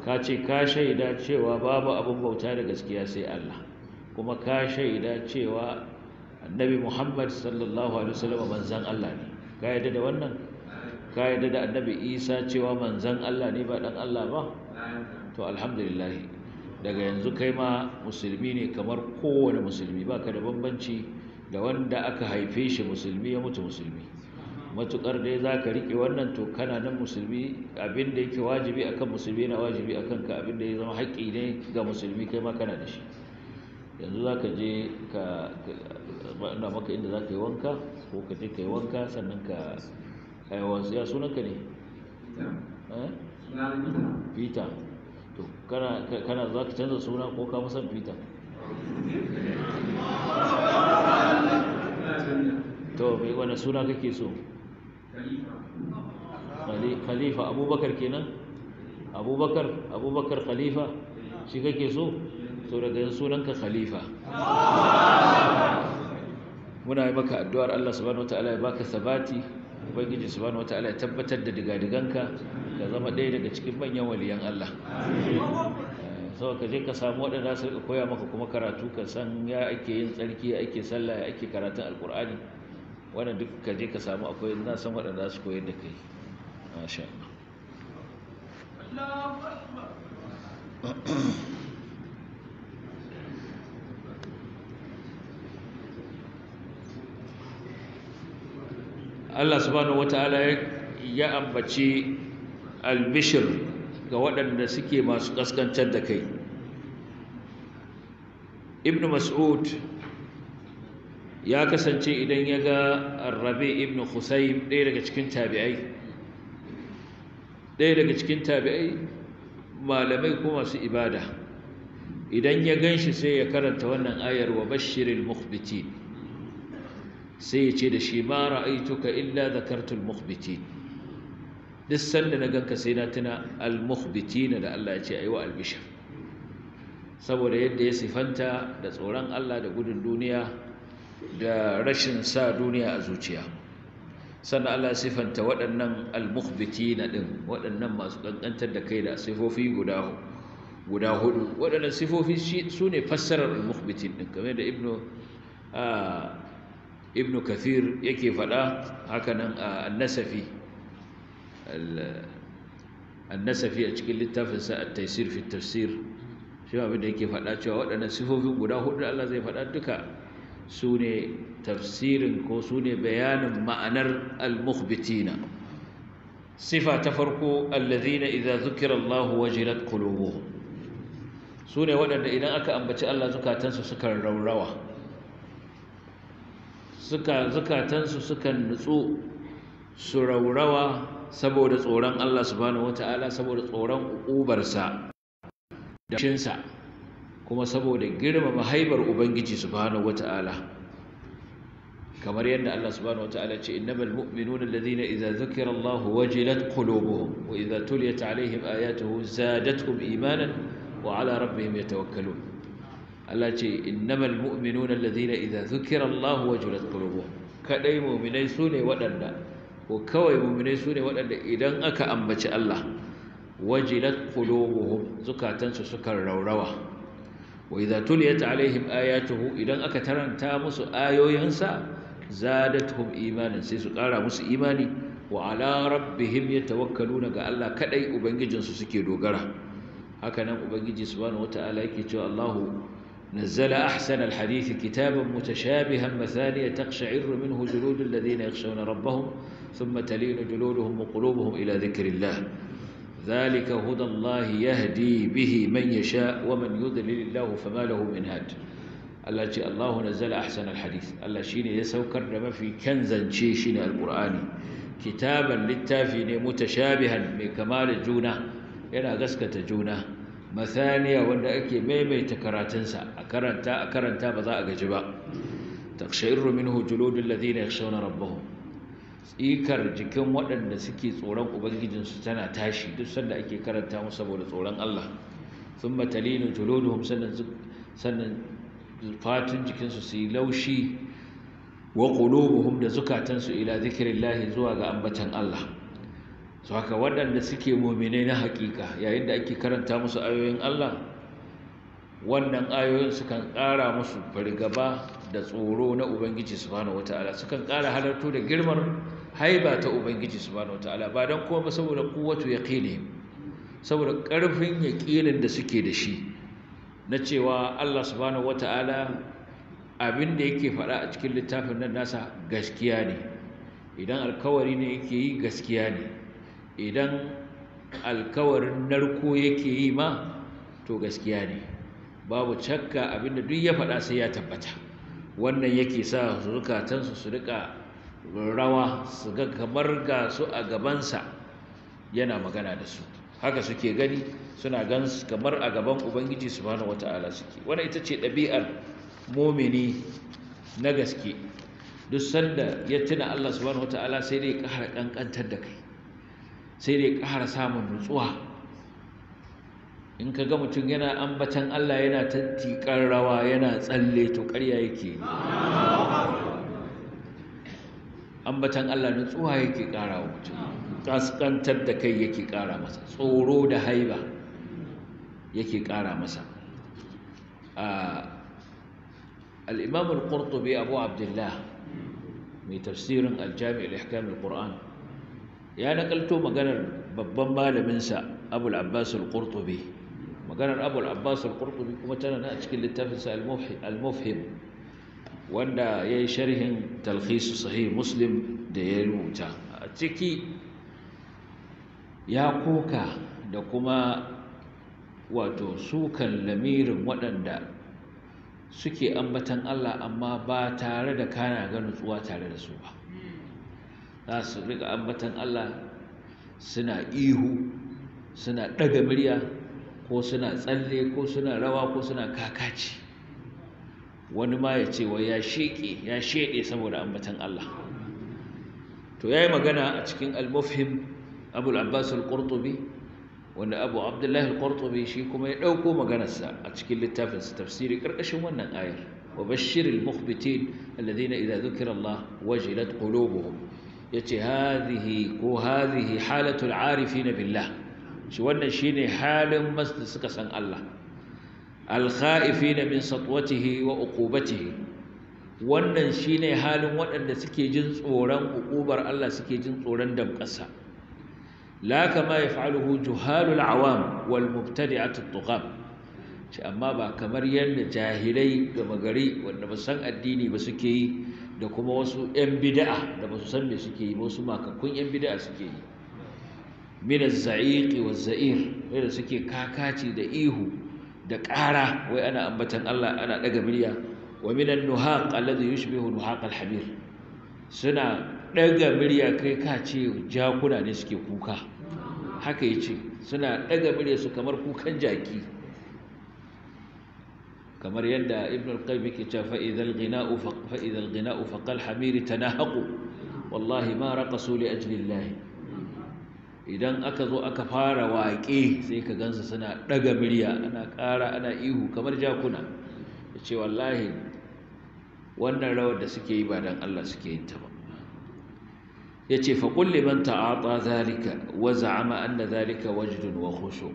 ka ce ka shaida cewa babu abin bauta da gaskiya sai Allah kuma ka shaida cewa annabi Muhammad sallallahu alaihi wasallam manzon Allah ne ka yadda da wannan ka yadda da annabi Isa cewa manzon Allah ne ba dan Allah ba to alhamdulillah daga yanzu kai ma musulmi ne kamar kowane musulmi ba ka da bambanci da wanda aka haife shi musulmi ya mutu musulmi matukar dai za ka riƙe wannan to kana nan musulmi abin da yake wajibi a kan musulmi yana wajibi a kanka, abin da ya zama haƙƙi ne ga musulmi kai ma kana da shi yanzu za ka je ka na maka inda za ka yi wanka ko ka je ka yi wanka sannan ka aiwa ya sunanka ne? Peter eh? kana za ka canza suna ko ka musan peter to mai wani suna kake so khalifa abubakar kenan abubakar abubakar khalifa shi kake so so daga yin sunanka khalifa muna yi maka addu'ar allah subhanahu wa ta'ala ya baka sabati ubangiji subhanahu wataala ya tabbatar da digadiganka ka zama ɗaya daga cikin manyan waliyan Allah eh, sau ka je ka samu waɗanda su koya maka kuma karatu ka san ya ake yin tsarki ya ake sallah ya ake karatun alkur'ani wannan duk ka je ka samu akwai na san waɗanda su koyar da kai masha Allah Allah subhanahu wataala ya ambaci albishir ga waɗanda suke masu kaskantar da kai ibn mas'ud ya kasance idan ya ga rabi ibn husayn ɗaya daga cikin tabi'ai ɗaya daga cikin tabi'ai malamai ko masu ibada idan ya ganshi sai ya karanta wannan ayar wa bashirin mukhbitin sai ya ce da shi ma ra'aituka illa zakartul mukhbitin duk sanda na ganka sai na tuna al mukhbitin da Allah ya ce ayi wa albishir saboda yadda ya sifanta da tsoron Allah da gudun duniya da rashin sa duniya a zuciya sannan Allah ya sifanta waɗannan al-mukhbitin din waɗannan masu kankantar da kai da sifofi guda guda hudu waɗannan sifofi su ne fassarar al-mukhbitin din kamar da ibnu ah, ibnu kathir yake faɗa hakanan a annasafi a cikin littafinsa a taisir fi tafsir shi abin da yake faɗa cewa waɗannan sifofin guda hudu da Allah zai faɗa duka sune tafsirin ko sune bayanin ma'anar al-mukhbitina sifa ta farko allazina idza zukira Allah wajilat qulubuhum su ne waɗanda idan aka ambaci Allah zukatansu suka raurawa suka zukatansu sukan nutsu su raurawa saboda tsoron Allah subhanahu wata'ala saboda tsoron ubarsa da shinsa kuma saboda girmama haibar ubangiji subhanahu wata'ala kamar yadda Allah subhanahu wata'ala ce innamal mu'minuna alladhina idza dhukira Allah wajilat qulubuhum wa idza tuliyat alaihim ayatuhu zadatkum imanan wa ala rabbihim yatawakkalun Allah ce innamal mu'minuna allazina idza zukira Allah wajilat qulubuhum kadai mu'minai sune waɗanda ko kawai mu'minai sune waɗanda idan aka ambaci Allah wajilat qulubuhum zukatansu sukan raurawa wa idza tuliyat alaihim ayatuhu idan aka taranta musu ayoyinsa zadatuhum imanan sai su ƙara musu imani wa ala rabbihim yatawakkaluna ga Allah kadai ubangijinsu suke dogara haka nan ubangiji subhanahu wataala yake cewa Allahu نزل أحسن الحديث كتابا متشابها مثانية تقشعر منه جلود الذين يخشون ربهم ثم تلين جلودهم وقلوبهم إلى ذكر الله ذلك هدى الله يهدي به من يشاء ومن يضلل الله فما له من هاد التي الله نزل أحسن الحديث الله شيني يسو كرم في كنزا شيشنا القرآني كتابا للتافين متشابها من كمال جونة إلى غسكة الجونة الي غسكه الجونة masaniya wanda ake maimaita karatunsa a karanta a karanta ba za a gaji ba takshayru minhu juludul ladina yakhshawna rabbahum tsikar jikin waɗanda suke tsoron ubangijinsu tana tashi duk sanda ake karanta musu saboda tsoron Allah thumma talinu juluduhum sannan fatin jikinsu su yi laushi wa qulubuhum da zukatansu ila zikrillah zuwa ga ambatan Allah su haka waɗanda suke mominai na haƙiƙa yayin da ake karanta musu ayoyin Allah wannan ayoyin sukan ƙara musu fargaba da tsoro na Ubangiji subhanahu wata'ala sukan ƙara halartu da girman haiba ta Ubangiji subhanahu wata'ala ba don kuma saboda kuwatu ne, saboda ƙarfin ya yaƙinin da suke da shi na cewa Allah subhanahu wata'ala abin da yake faɗa a cikin littafin nan nasa gaskiya ne idan alkawari ne yake yi gaskiya ne idan alkawarin narko yake yi ma to gaskiya ne babu cakka abinda duk ya faɗa sai ya tabbata wannan yake sa zukatansu su rika rawa su ga kamar ga su a gabansa yana magana da su haka suke gani suna gan kamar a gaban ubangiji subhanahu wata'ala suke wannan ita ce ɗabi'ar momini na gaske duk sanda ya tuna Allah subhanahu wata'ala sai dai ya ƙara ƙanƙantar da kai sai dai ƙara samun nutsuwa in ka ga mutum yana ambatan Allah yana ta tiƙar rawa yana tsalle to ƙarya yake ambatan Allah nutsuwa yake ƙara wa mutum ƙasƙantar da kai yake ƙara masa tsoro da haiba yake ƙara masa al’imamul imam abu abdullah mai tafsirin aljami’ul-ihkamul ƙur'an ya nakalto maganar babban malaminsa abul abbas al-qurtubi maganar abul abbas al-qurtubi kuma tana na cikin littafinsa al-mufhim wanda ya yi sharhin talhisu sahih muslim da ya rubuta a ciki ya koka da kuma wato sukan lamirin waɗanda suke ambatan allah amma ba tare da kana ga tsuwa tare da su ba za su rika ambatan Allah suna ihu suna ɗaga murya ko suna tsalle ko suna rawa ko suna kakaci wani ma ya ce wa ya sheƙe ya sheɗe saboda ambatan Allah to yayi magana a cikin al-mufhim Abu al-Abbas al-Qurtubi wanda Abu Abdullah al-Qurtubi shi kuma ya dauko maganarsa a cikin littafin sa tafsiri karkashin wannan ayar wa bashshiril mukhbitin alladhina idza dhukira Allah wajilat qulubuhum yace hadihi ko hadhihi halatul na billah shi wannan ne halin masu suka san Allah al na min satwatihi wa uqubatihi wannan shine halin waɗanda suke jin tsoron ukubar Allah suke jin tsoron damƙasa la kama yaf'aluhu juhalul awam wal mubtadi'atu a shi amma ba kamar yadda jahilai gama gari wanda ba san addini ba suke yi da kuma wasu 'yan bida'a da ba su san me suke yi wasu makakkun 'yan bida'a suke yi mina za'iqi wa za'ir da suke kakaci da ihu da ƙara wai ana ambatan Allah ana ɗaga murya wa minan nuhaq alladhi yushbihu nuhaq alhamir suna ɗaga murya kai ka ce jakuna ne suke kuka haka yace suna ɗaga murya su kamar kukan jaki kamar yadda ibn al-qayyim yake cewa fa idhal ghina'u fa idhal ghina'u fa qal hamiri tanahaqu wallahi ma raqasu li ajli idan aka zo aka fara waƙe sai ka gansa suna daga murya ana ƙara ana ihu kamar jakuna yace wallahi wannan rawar da suke yi ba dan Allah suke yin ta ba yace fa qul liman ta'ata zalika wa za'ama anna zalika wajdun wa khushu'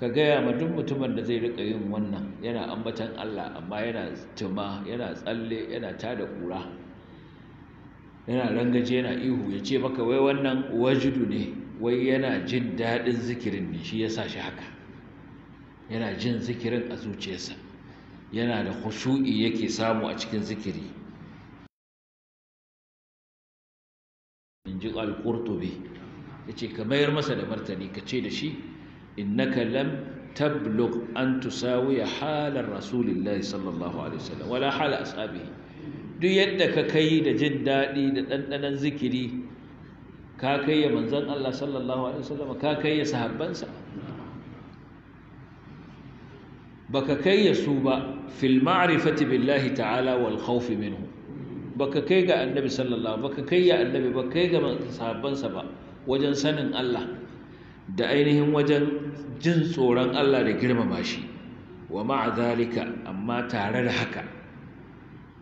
ka gaya ma duk mutumin da zai rika yin wannan yana ambatan Allah amma yana tuma yana tsalle yana tada kura yana rangaje yana ihu ya ce maka wai wannan wajudu ne wai yana jin daɗin zikirin ne shi ya sa shi haka yana jin zikirin a zuciyarsa yana da khushu'i yake samu a cikin zikiri in ji al-qurtubi ce ka mayar masa da martani ka ce da shi innaka lam tablugh an tusawiya halar rasulillahi sallallahu alaihi wasallam wala hala ashabihi duk yadda ka kai da jin daɗi da ɗanɗanon zikiri ka kai ya manzan Allah sallallahu alaihi wasallam ka kai ya sahabbansa baka kai ya su ba fil ma'rifati billahi ta'ala wal khawf minhu baka kai ga annabi sallallahu baka kai ya annabi baka kai ga sahabbansa ba wajen sanin Allah da ainihin wajen jin tsoron Allah da girmama shi wa ma'azalika amma tare da haka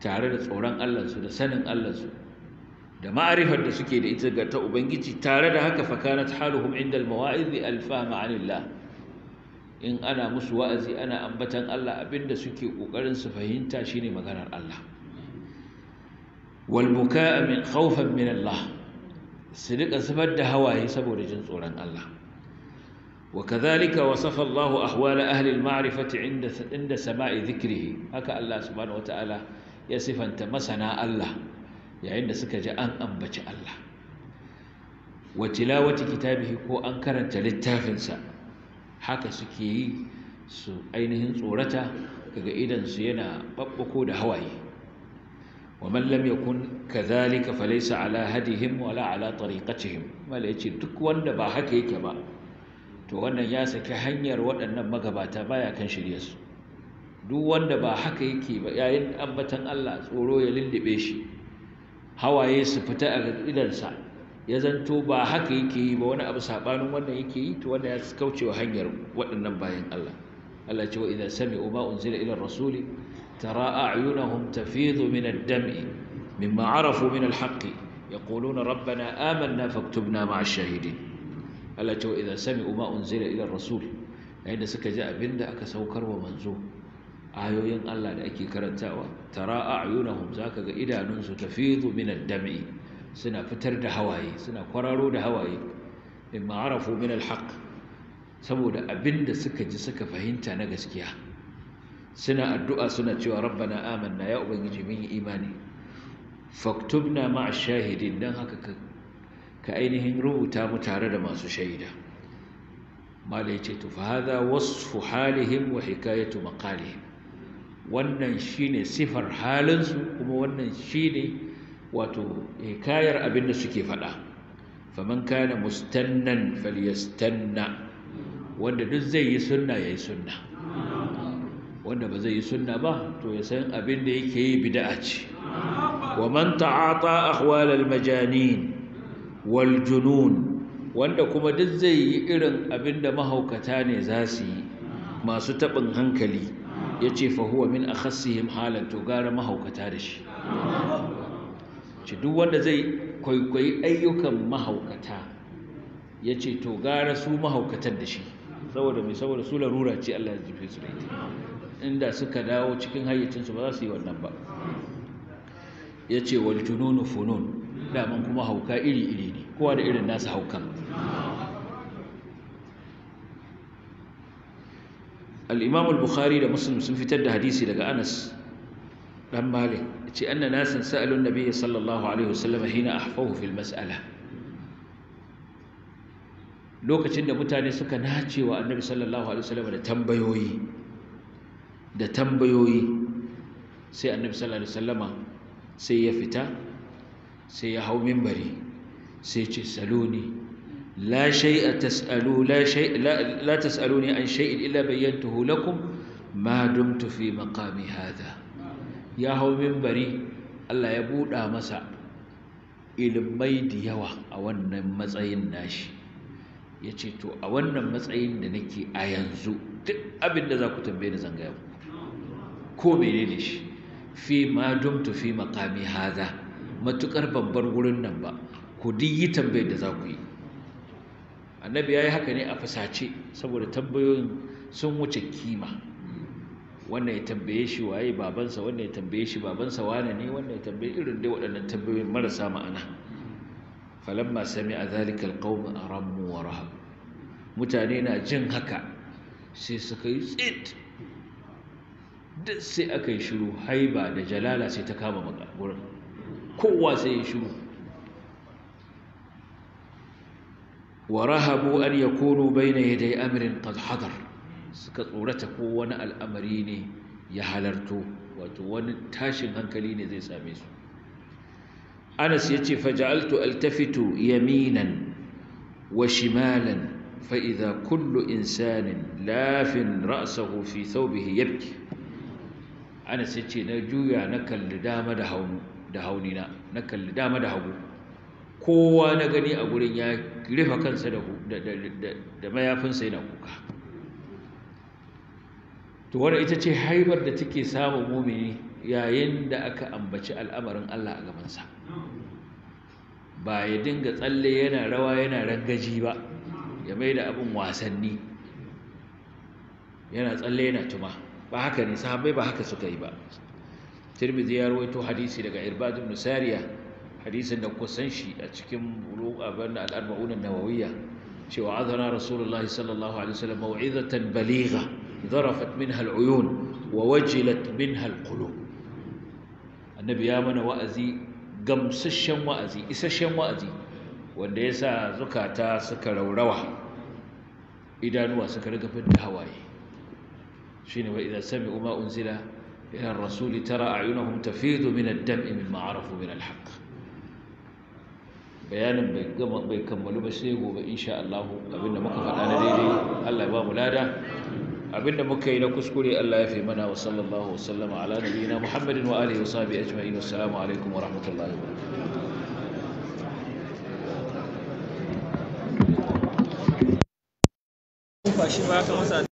tare da tsoron Allah su da sanin Allah su da ma'arifar da suke da ita ga ta ubangiji tare da haka fakanat haluhum inda almawa'izi alfahma anillah in ana musu wa'azi ana ambatan Allah abinda suke kokarin su fahimta shine maganar Allah wal buka'a min khawfan min Allah su rika zubar da hawaye saboda jin tsoron Allah وكذلك وصف الله أحوال أهل المعرفة عند عند سماء ذكره هكا الله سبحانه وتعالى يصف أنت مسنا الله يعني سكج أن أنبت الله وتلاوة كتابه كو littafinsa, haka هكا سكي su ainihin tsorata kaga idansu yana babbako da hawaye waman lam yakun kadhalika falaysa ala hadihim wala ala tariqatihim mala yace duk wanda ba haka yake ba to wannan ya saki hanyar waɗannan magabata baya kan shirye su duk wanda ba haka yake ba yayin ambatan Allah tsoro ya lullube shi hawaye su fita a idansa ya zanto ba haka yake yi ba wani abu sabanin wannan yake yi to wanda ya wa hanyar waɗannan bayan Allah Allah ce wa idza sami'u ma unzila ila rasuli tara a'yunahum tafidu min ad-dam'i mimma arafu min al-haqqi yaquluna rabbana amanna faktubna ma'ash-shahidin Allah ce idan sami'u ma unzila ila rasul yayin da suka ji abinda aka saukar wa manzo ayoyin Allah da ake karantawa tara a'yunahum zaka ga idanunsu tafidu min ad-dam'i suna fitar da hawaye suna kwararo da hawaye In ma'arafu min alhaq. saboda abinda suka ji suka fahimta na gaskiya suna addu'a suna cewa rabbana amanna ya ubangiji mun yi imani faktubna ma'a shahidin dan haka ka ainihin rubuta mu tare da masu shaida mala ya ce to fa hadha halihim wa hikayatu maqalihim wannan shine sifar halinsu kuma wannan shine wato hikayar abin da suke faɗa faman kana mustannan falyastanna wanda duk zai yi sunna yayi sunna wanda ba zai yi sunna ba to ya san abin da yake yi bid'a ce wa man ta'ata ahwal al majanin Waljunun, wanda kuma duk zai yi irin abinda mahaukata ne za su yi masu taɓin hankali ya ce fahuwa min a khassihim halar to gara mahaukata da shi ce duk wanda zai kwaikwayi ayyukan mahaukata ya ce to gara su mahaukatar da shi saboda mai saboda su larura ce Allah ya jefe su da inda suka dawo cikin hayyacinsu ba za su yi wannan ba yace ce wal funun daman kuma hauka iri-iri ne kowa da irin nasa haukan al'imam al-bukhari da muslim sun fitar da hadisi daga anas dan malik ce an na nasan sa'alun nabi ya sallallahu alaihi wasallam hina ahfahu fil mas'ala lokacin da mutane suka nace wa annabi sallallahu alaihi wasallam da tambayoyi da tambayoyi sai annabi sallallahu alaihi wasallama sai ya fita sai ya hau mimbari sai ce saloni la tas'alu la la an shay'in illa bayyantuhu lakum ma dumtu fi maqami hadha ya hau mimbari Allah ya buɗa masa ilimai da yawa a wannan matsayin nashi ya ce to a wannan matsayin da nake a yanzu duk abin da za ku tambaye da zanga yau ko mene ne shi fi ma dumtu fi maqami hadha matuƙar babbar wurin nan ba ku duk yi tambayar da za ku yi annabi ya yi haka ne a fasace saboda tambayoyin sun wuce kima wannan ya tambaye shi waye babansa wannan ya tambaye shi babansa wane ne wannan ya tambaye irin dai waɗannan tambayoyin marasa ma'ana falamma sami a zalikal qawm wa rahab mutane na jin haka sai suka yi tsit duk sai aka yi shiru haiba da jalala sai ta kama wurin kowa sai ya shiru wa rahabu an yakunu bayna yaday amrin qad hadar suka tsorata ko wani al'amari ne ya halarto wato wani tashin hankali ne zai same su Anas yace faja'altu altafitu yaminan wa shimalan fa idha kullu insanin lafin ra'sahu fi thawbihi yabki Anas yace na juya na kalli dama da haunu da haunina na kalli dama da hagu kowa na gani a gurin ya rufe kansa da mayafinsa yana kuka to ita ce haibar da take samun mumini yayin da aka ambaci al'amarin Allah a gabansa ba ya dinga tsalle yana rawa yana rangaji ba ya mai da abin wasanni yana tsalle yana tuma ba haka ne sahabai ba haka suka yi ba tirmidhi ya rawaito hadisi daga irbad ibn sariya hadisin da kusan shi a cikin abin al-arba'un an cewa azana rasulullah sallallahu alaihi wasallam mau'izatan baligha zarafat minha al wa wajilat minha al annabi ya mana wa'azi gamsasshen wa'azi isasshen wa'azi wanda ya sa zukata suka raurawa idanuwa suka riga fidda hawaye shine wa idza sami'u ma unzila إلى الرسول ترى أعينهم تفيض من الدمع مما عرفوا من الحق bayanin bai kammalu ba sai gobe insha Allah abinda muka faɗa na daidai Allah ya ba mu lada abinda muka yi na kuskure Allah ya fi mana wa sallallahu wasallama ala nabiyina Muhammadin wa alihi wa wa rahmatullahi wa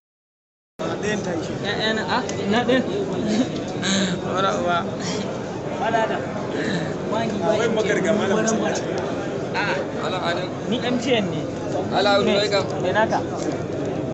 shi ah, a na ah. ɗin wala uwa wala da wani a ni MTN ne ala uwa ka. ne naka